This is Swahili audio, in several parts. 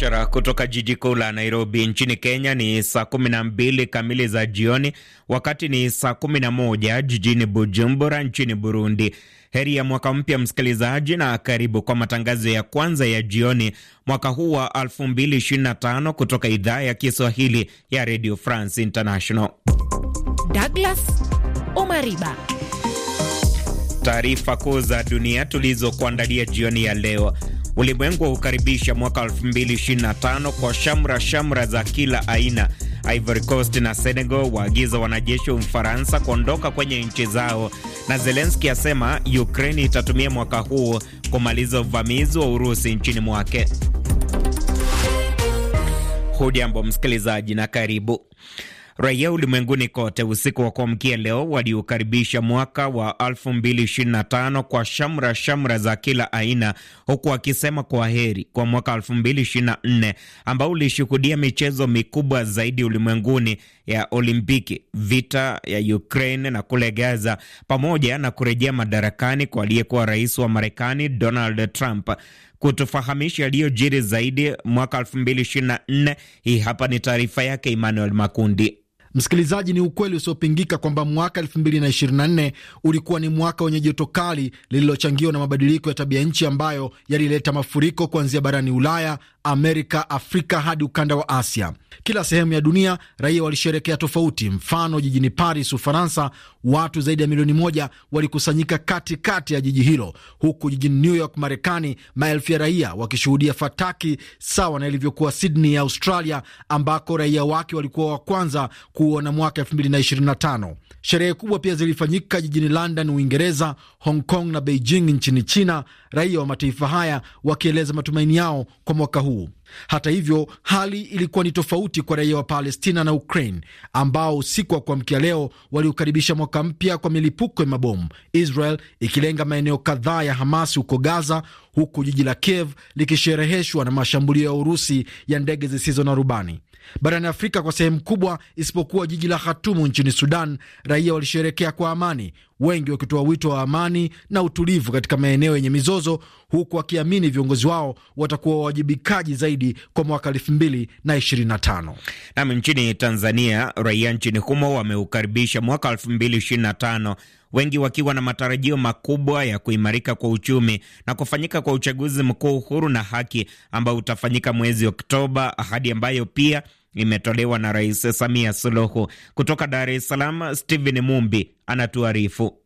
mubashara kutoka jiji kuu la Nairobi nchini Kenya. Ni saa 12 kamili za jioni, wakati ni saa 11 jijini Bujumbura nchini Burundi. Heri ya mwaka mpya msikilizaji, na karibu kwa matangazo ya kwanza ya jioni mwaka huu wa 2025 kutoka idhaa ya Kiswahili ya Radio France International. Douglas Omariba, taarifa kuu za dunia tulizokuandalia jioni ya leo. Ulimwengu hukaribisha mwaka 2025 kwa shamra shamra za kila aina. Ivory Coast na Senegal waagiza wanajeshi wa Ufaransa kuondoka kwenye nchi zao, na Zelensky asema Ukraini itatumia mwaka huu kumaliza uvamizi wa Urusi nchini mwake. Hujambo msikilizaji na karibu. Raia ulimwenguni kote usiku wa kuamkia leo waliukaribisha mwaka wa 2025 kwa shamra shamra za kila aina, huku wakisema kwa heri kwa mwaka 2024 ambao ulishuhudia michezo mikubwa zaidi ulimwenguni ya Olimpiki, vita ya Ukraine na kule Gaza, pamoja na kurejea madarakani kwa aliyekuwa rais wa Marekani Donald Trump. Kutufahamisha yaliyojiri zaidi mwaka 2024, hii hapa ni taarifa yake Emmanuel Makundi. Msikilizaji, ni ukweli usiopingika kwamba mwaka 2024 ulikuwa ni mwaka wenye joto kali lililochangiwa na mabadiliko ya tabia nchi ambayo yalileta mafuriko kuanzia barani Ulaya Amerika, Afrika hadi ukanda wa Asia. Kila sehemu ya dunia raia walisherekea tofauti. Mfano, jijini Paris, Ufaransa, watu zaidi ya milioni moja walikusanyika katikati ya jiji hilo, huku jijini New York, Marekani, maelfu ya raia wakishuhudia fataki sawa na ilivyokuwa Sydney ya Australia, ambako raia wake walikuwa wa kwanza kuona mwaka 2025. Sherehe kubwa pia zilifanyika jijini London, Uingereza, Hong Kong na Beijing nchini China, raia wa mataifa haya wakieleza matumaini yao kwa mwaka huu huu. Hata hivyo, hali ilikuwa ni tofauti kwa raia wa Palestina na Ukraine ambao usiku wa kuamkia leo waliukaribisha mwaka mpya kwa milipuko ya mabomu, Israel ikilenga maeneo kadhaa ya Hamas huko Gaza, huku jiji la Kiev likishereheshwa na mashambulio ya Urusi ya ndege zisizo na rubani. Barani Afrika kwa sehemu kubwa, isipokuwa jiji la hatumu nchini Sudan, raia walisherekea kwa amani, wengi wakitoa wito wa amani na utulivu katika maeneo yenye mizozo, huku wakiamini viongozi wao watakuwa wawajibikaji zaidi kwa mwaka elfu mbili na ishirini na tano. Nam, nchini Tanzania, raia nchini humo wameukaribisha mwaka elfu mbili ishirini na tano wengi wakiwa na matarajio makubwa ya kuimarika kwa uchumi na kufanyika kwa uchaguzi mkuu huru na haki ambao utafanyika mwezi Oktoba, ahadi ambayo pia imetolewa na Rais Samia Suluhu. Kutoka Dar es Salaam, Stephen Mumbi anatuarifu.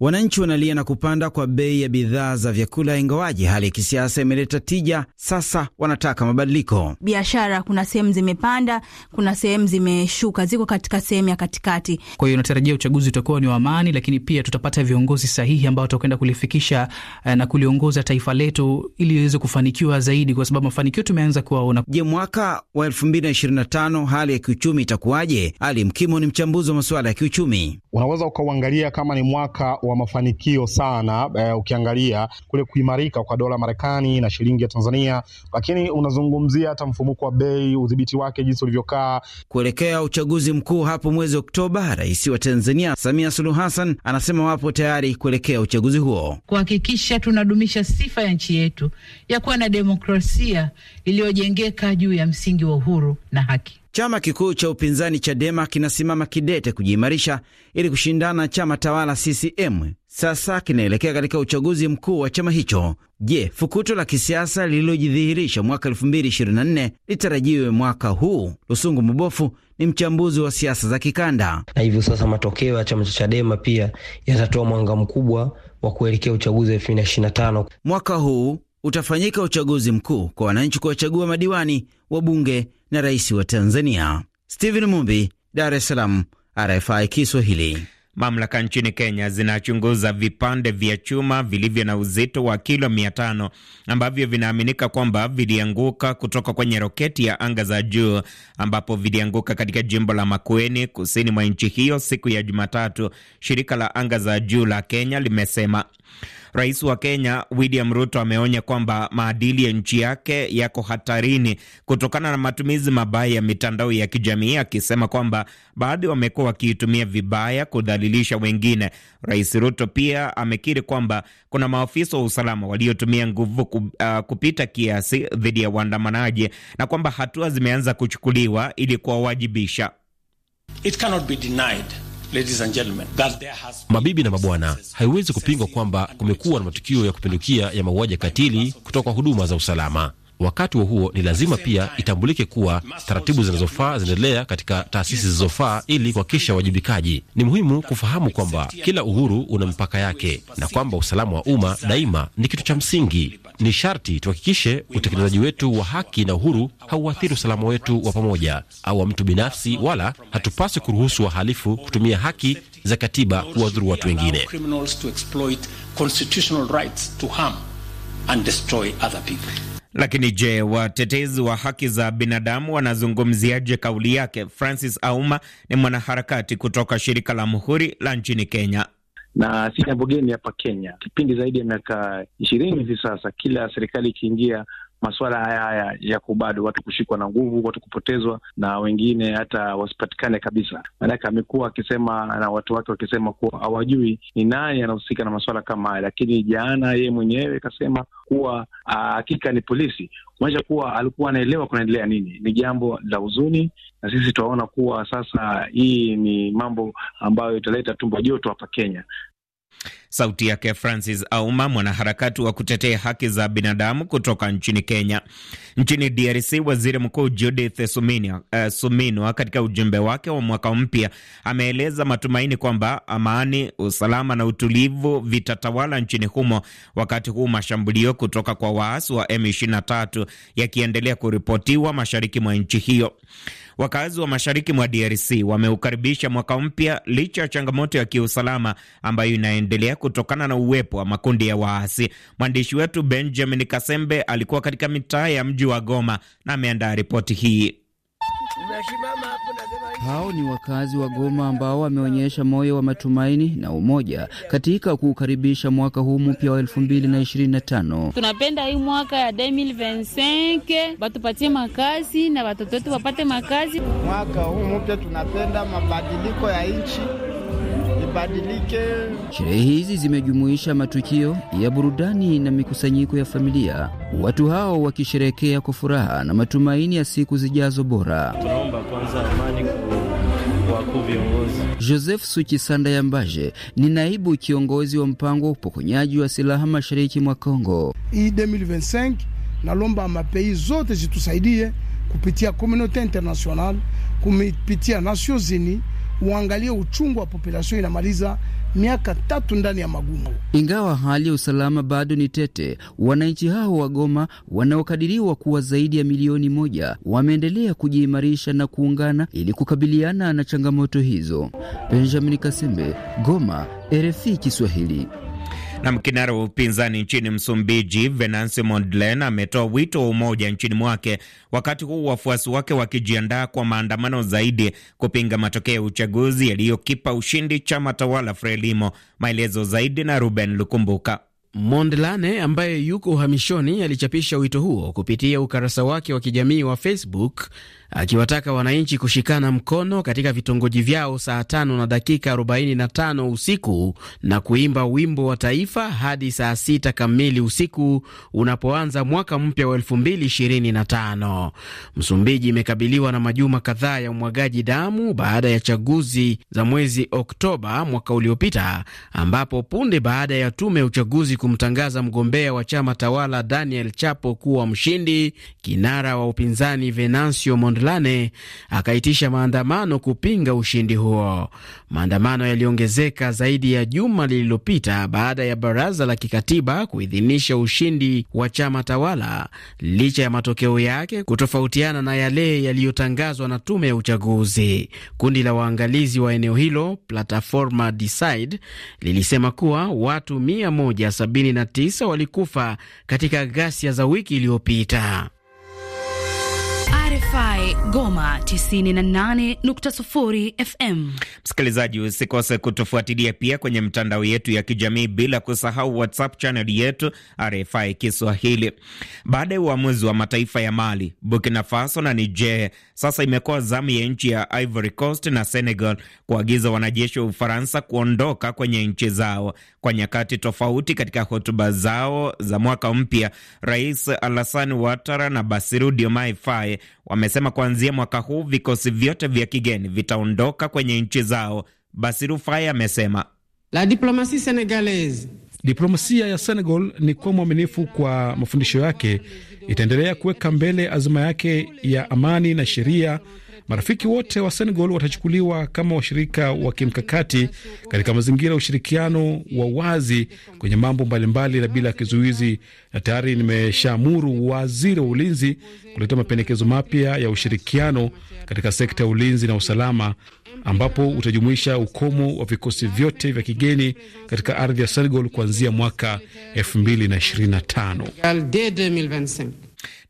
Wananchi wanalia na kupanda kwa bei ya bidhaa za vyakula, ingawaji hali ya kisiasa imeleta tija. Sasa wanataka mabadiliko. Biashara kuna sehemu zimepanda, kuna sehemu zimeshuka, ziko katika sehemu ya katikati. Kwa hiyo inatarajia uchaguzi utakuwa ni wa amani, lakini pia tutapata viongozi sahihi ambao watakwenda kulifikisha eh, na kuliongoza taifa letu ili liweze kufanikiwa zaidi, kwa sababu mafanikio tumeanza kuwaona. Je, mwaka wa 2025 hali ya kiuchumi itakuwaje? Ali Mkimo ni mchambuzi wa masuala ya kiuchumi. Unaweza ukauangalia kama ni mwaka wa mafanikio sana eh, ukiangalia kule kuimarika kwa dola Marekani na shilingi ya Tanzania, lakini unazungumzia hata mfumuko wa bei, udhibiti wake jinsi ulivyokaa kuelekea uchaguzi mkuu hapo mwezi Oktoba. Rais wa Tanzania Samia Suluhu Hassan anasema wapo tayari kuelekea uchaguzi huo kuhakikisha tunadumisha sifa ya nchi yetu ya kuwa na demokrasia iliyojengeka juu ya msingi wa uhuru na haki. Chama kikuu cha upinzani Chadema kinasimama kidete kujiimarisha ili kushindana na chama tawala CCM. Sasa kinaelekea katika uchaguzi mkuu wa chama hicho. Je, fukuto la kisiasa lililojidhihirisha mwaka 2024 litarajiwe mwaka huu? Lusungu Mubofu ni mchambuzi wa siasa za kikanda. Na hivyo sasa matokeo ya chama cha Chadema pia yatatoa mwanga mkubwa wa kuelekea uchaguzi wa 2025. Mwaka huu utafanyika uchaguzi mkuu kwa wananchi kuwachagua madiwani, wabunge na rais wa Tanzania. Stephen Mumbi, Dar es Salaam, RFI Kiswahili. Mamlaka nchini Kenya zinachunguza vipande vya chuma vilivyo na uzito wa kilo mia tano ambavyo vinaaminika kwamba vilianguka kutoka kwenye roketi ya anga za juu ambapo vilianguka katika jimbo la Makueni kusini mwa nchi hiyo siku ya Jumatatu, shirika la anga za juu la Kenya limesema. Rais wa Kenya William Ruto ameonya kwamba maadili ya nchi yake yako hatarini kutokana na matumizi mabaya ya mitandao ya kijamii, akisema kwamba baadhi wamekuwa wakiitumia vibaya kudhalilisha wengine. Rais Ruto pia amekiri kwamba kuna maafisa wa usalama waliotumia nguvu uh, kupita kiasi dhidi ya waandamanaji na kwamba hatua zimeanza kuchukuliwa ili kuwawajibisha. It cannot be denied Mabibi na mabwana, haiwezi kupingwa kwamba kumekuwa na matukio ya kupindukia ya mauaji ya katili kutoka huduma za usalama. Wakati wa huo ni lazima pia itambulike kuwa taratibu zinazofaa zinaendelea katika taasisi zilizofaa ili kuhakikisha uwajibikaji. Ni muhimu kufahamu kwamba kila uhuru una mipaka yake na kwamba usalama wa umma daima ni kitu cha msingi. Ni sharti tuhakikishe utekelezaji wetu wa haki na uhuru hauathiri usalama wetu wa pamoja au wa mtu binafsi, wala hatupaswi kuruhusu wahalifu kutumia haki za katiba kuwadhuru watu wengine. and destroy other people. Lakini je, watetezi wa haki za binadamu wanazungumziaje kauli yake? Francis Auma ni mwanaharakati kutoka shirika la Muhuri la nchini Kenya na si jambo geni hapa Kenya. Kipindi zaidi ya miaka ishirini hivi sasa, kila serikali ikiingia masuala haya haya yako bado, watu kushikwa na nguvu, watu kupotezwa, na wengine hata wasipatikane kabisa. Maanake amekuwa akisema na watu wake wakisema kuwa hawajui ni nani anahusika na masuala kama haya, lakini jana yeye mwenyewe kasema kuwa ah, hakika ni polisi, kumaanisha kuwa alikuwa anaelewa kunaendelea nini. Ni jambo la huzuni, na sisi tunaona kuwa sasa hii ni mambo ambayo italeta tumbo joto hapa Kenya. Sauti yake Francis Auma, mwanaharakati wa kutetea haki za binadamu kutoka nchini Kenya. Nchini DRC, waziri mkuu Judith Suminwa, uh, eh, Suminwa katika ujumbe wake wa mwaka mpya ameeleza matumaini kwamba amani, usalama na utulivu vitatawala nchini humo, wakati huu mashambulio kutoka kwa waasi wa M23 yakiendelea kuripotiwa mashariki mwa nchi hiyo. Wakazi wa mashariki mwa DRC wameukaribisha mwaka mpya licha ya changamoto ya kiusalama ambayo inaendelea kutokana na uwepo wa makundi ya waasi. Mwandishi wetu Benjamin Kasembe alikuwa katika mitaa ya mji wa Goma na ameandaa ripoti hii. Hao ni wakazi wa Goma ambao wameonyesha moyo wa matumaini na umoja katika kuukaribisha mwaka huu mpya wa 2025. Tunapenda hii mwaka ya 2025 batupatie makazi na watoto wetu wapate makazi. Mwaka huu mpya tunapenda mabadiliko ya nchi ibadilike. Sherehe hizi zimejumuisha matukio ya burudani na mikusanyiko ya familia, watu hao wakisherekea kwa furaha na matumaini ya siku zijazo bora. Tunaomba kwanza amani wakuu viongozi. Joseph suchisanda Yambaje ni naibu kiongozi wa mpango wa upokonyaji wa silaha mashariki mwa Kongo. Hii 2025 nalomba mapei zote zitusaidie kupitia komunote internasional, kupitia nasio Unies uangalie uchungu wa populasio inamaliza miaka tatu ndani ya magumu. Ingawa hali ya usalama bado ni tete, wananchi hao wa Goma wanaokadiriwa kuwa zaidi ya milioni moja wameendelea kujiimarisha na kuungana ili kukabiliana na changamoto hizo. Benjamin Kasembe, Goma, RFI Kiswahili. Na mkinara wa upinzani nchini Msumbiji Venancio Mondlane ametoa wito wa umoja nchini mwake, wakati huu wafuasi wake wakijiandaa kwa maandamano zaidi kupinga matokeo ya uchaguzi yaliyokipa ushindi chama tawala Frelimo. Maelezo zaidi na Ruben Lukumbuka. Mondlane ambaye yuko uhamishoni alichapisha wito huo kupitia ukarasa wake wa kijamii wa Facebook akiwataka wananchi kushikana mkono katika vitongoji vyao saa tano na dakika 45 usiku na kuimba wimbo wa taifa hadi saa sita kamili usiku unapoanza mwaka mpya wa 2025. Msumbiji imekabiliwa na majuma kadhaa ya umwagaji damu baada ya chaguzi za mwezi Oktoba mwaka uliopita, ambapo punde baada ya tume ya uchaguzi kumtangaza mgombea wa chama tawala Daniel Chapo kuwa mshindi, kinara wa upinzani Venancio Mondlane akaitisha maandamano kupinga ushindi huo. Maandamano yaliongezeka zaidi ya juma lililopita baada ya baraza la kikatiba kuidhinisha ushindi wa chama tawala licha ya matokeo yake kutofautiana na yale yaliyotangazwa na tume ya uchaguzi. Kundi la waangalizi wa eneo hilo Plataforma Decide lilisema kuwa watu 179 walikufa katika ghasia za wiki iliyopita. RFI Goma 98.0 FM. Msikilizaji, usikose kutufuatilia pia kwenye mtandao yetu ya kijamii bila kusahau WhatsApp channel yetu RFI Kiswahili. Baada ya uamuzi wa mataifa ya Mali, Burkina Faso na Niger, sasa imekuwa zamu ya nchi ya Ivory Coast na Senegal kuagiza wanajeshi wa Ufaransa kuondoka kwenye nchi zao kwa nyakati tofauti. Katika hotuba zao za mwaka mpya, Rais Alassane Ouattara na Bassirou Diomaye Faye wamesema kuanzia mwaka huu vikosi vyote vya kigeni vitaondoka kwenye nchi zao. Basi Rufai amesema la diplomasi Diplomasia ya Senegal ni kuwa mwaminifu kwa mafundisho yake, itaendelea kuweka mbele azima yake ya amani na sheria Marafiki wote wa Senegal watachukuliwa kama washirika wa kimkakati katika mazingira ya ushirikiano wa wazi kwenye mambo mbalimbali na bila kizuizi, na tayari nimeshaamuru waziri wa ulinzi kuleta mapendekezo mapya ya ushirikiano katika sekta ya ulinzi na usalama ambapo utajumuisha ukomo wa vikosi vyote vya kigeni katika ardhi ya Senegal kuanzia mwaka 2025.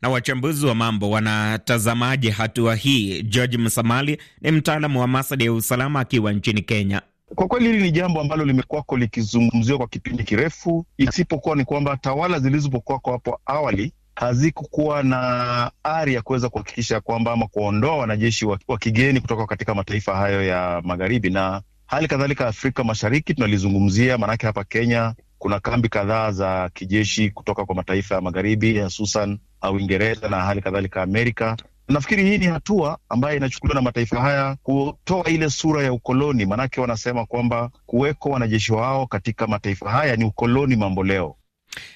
Na wachambuzi wa mambo wanatazamaje hatua hii? George Msamali ni mtaalamu wa masuala ya usalama akiwa nchini Kenya. Kwa kweli hili ni jambo ambalo limekuwako likizungumziwa kwa kipindi kirefu, isipokuwa ni kwamba tawala zilizopokuwako hapo awali hazikukuwa na ari ya kuweza kuhakikisha kwamba ama kuondoa wanajeshi wa kigeni kutoka katika mataifa hayo ya magharibi, na hali kadhalika Afrika Mashariki tunalizungumzia, maanake hapa Kenya kuna kambi kadhaa za kijeshi kutoka kwa mataifa ya magharibi hususan uh, Uingereza na hali kadhalika Amerika. Nafikiri hii ni hatua ambayo inachukuliwa na mataifa haya kutoa ile sura ya ukoloni, maanake wanasema kwamba kuweko wanajeshi wao katika mataifa haya ni ukoloni mamboleo.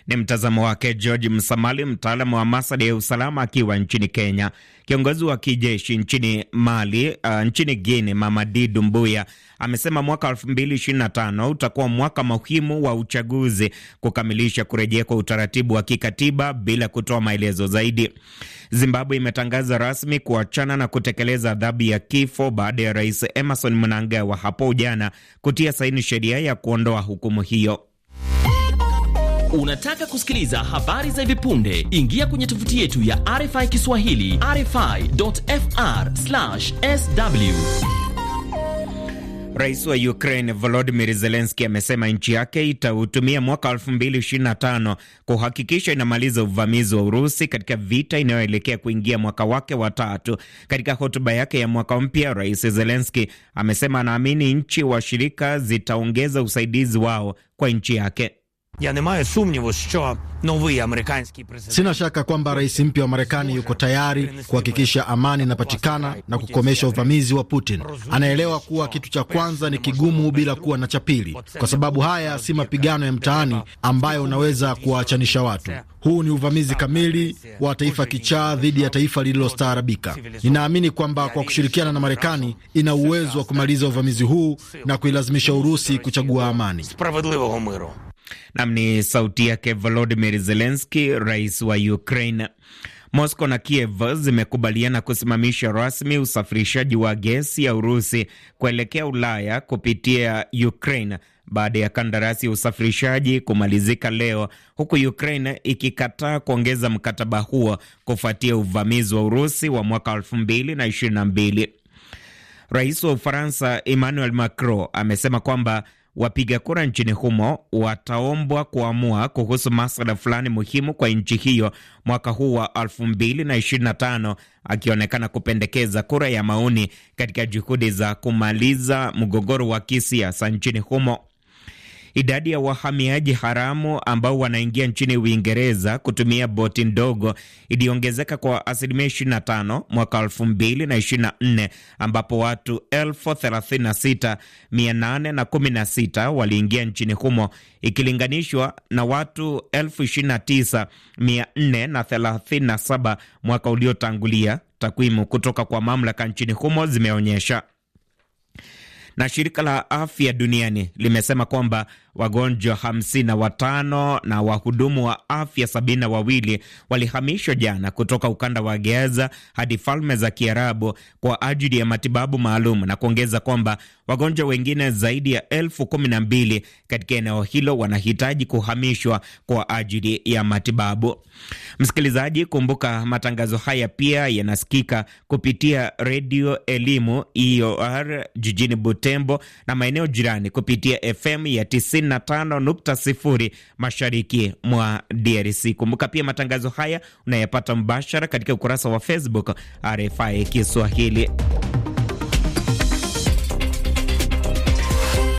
Ni mtazamo wake George Msamali, mtaalamu wa masada ya usalama akiwa nchini Kenya. Kiongozi wa kijeshi nchini Mali, uh, nchini Guinea, Mamadi Dumbuya amesema mwaka 2025 utakuwa mwaka muhimu wa uchaguzi kukamilisha kurejea kwa utaratibu wa kikatiba bila kutoa maelezo zaidi. Zimbabwe imetangaza rasmi kuachana na kutekeleza adhabu ya kifo baada ya Rais Emerson Mnangagwa hapo jana kutia saini sheria ya kuondoa hukumu hiyo. Unataka kusikiliza habari za hivi punde? Ingia kwenye tovuti yetu ya RFI Kiswahili, rfi.fr/sw. Rais wa Ukraine volodimir zelenski amesema nchi yake itautumia mwaka 2025 kuhakikisha inamaliza uvamizi wa Urusi katika vita inayoelekea kuingia mwaka wake wa tatu. Katika hotuba yake ya mwaka mpya, Rais zelenski amesema anaamini nchi washirika zitaongeza usaidizi wao kwa nchi yake. Sina shaka kwamba rais mpya wa Marekani yuko tayari kuhakikisha amani inapatikana na kukomesha uvamizi wa Putin. Anaelewa kuwa kitu cha kwanza ni kigumu bila kuwa na cha pili, kwa sababu haya si mapigano ya mtaani ambayo unaweza kuwaachanisha watu. Huu ni uvamizi kamili wa taifa kichaa dhidi ya taifa lililostaarabika. Ninaamini kwamba kwa kushirikiana na Marekani ina uwezo wa kumaliza uvamizi huu na kuilazimisha Urusi kuchagua amani. Nam ni sauti yake Volodimir Zelenski, rais wa Ukraine. Moscow na Kiev zimekubaliana kusimamisha rasmi usafirishaji wa gesi ya Urusi kuelekea Ulaya kupitia Ukraine baada ya kandarasi ya usafirishaji kumalizika leo, huku Ukraine ikikataa kuongeza mkataba huo kufuatia uvamizi wa Urusi wa mwaka 2022. Rais wa Ufaransa Emmanuel Macron amesema kwamba wapiga kura nchini humo wataombwa kuamua kuhusu masuala fulani muhimu kwa nchi hiyo mwaka huu wa 2025, akionekana kupendekeza kura ya maoni katika juhudi za kumaliza mgogoro wa kisiasa nchini humo. Idadi ya wahamiaji haramu ambao wanaingia nchini Uingereza kutumia boti ndogo iliongezeka kwa asilimia 25 mwaka 2024 ambapo watu 36816 waliingia nchini humo ikilinganishwa na watu 29437 mwaka uliotangulia. Takwimu kutoka kwa mamlaka nchini humo zimeonyesha na shirika la afya duniani limesema kwamba wagonjwa hamsini na watano na wahudumu wa afya sabini na wawili walihamishwa jana kutoka ukanda wa Gaza hadi Falme za Kiarabu kwa ajili ya matibabu maalum, na kuongeza kwamba wagonjwa wengine zaidi ya elfu kumi na mbili katika eneo hilo wanahitaji kuhamishwa kwa ajili ya matibabu. Msikilizaji, kumbuka matangazo haya pia yanasikika kupitia redio Elimu EOR jijini Butembo na maeneo jirani kupitia FM ya tisini 95.0 mashariki mwa DRC. Kumbuka pia matangazo haya unayapata mbashara katika ukurasa wa Facebook RFI Kiswahili.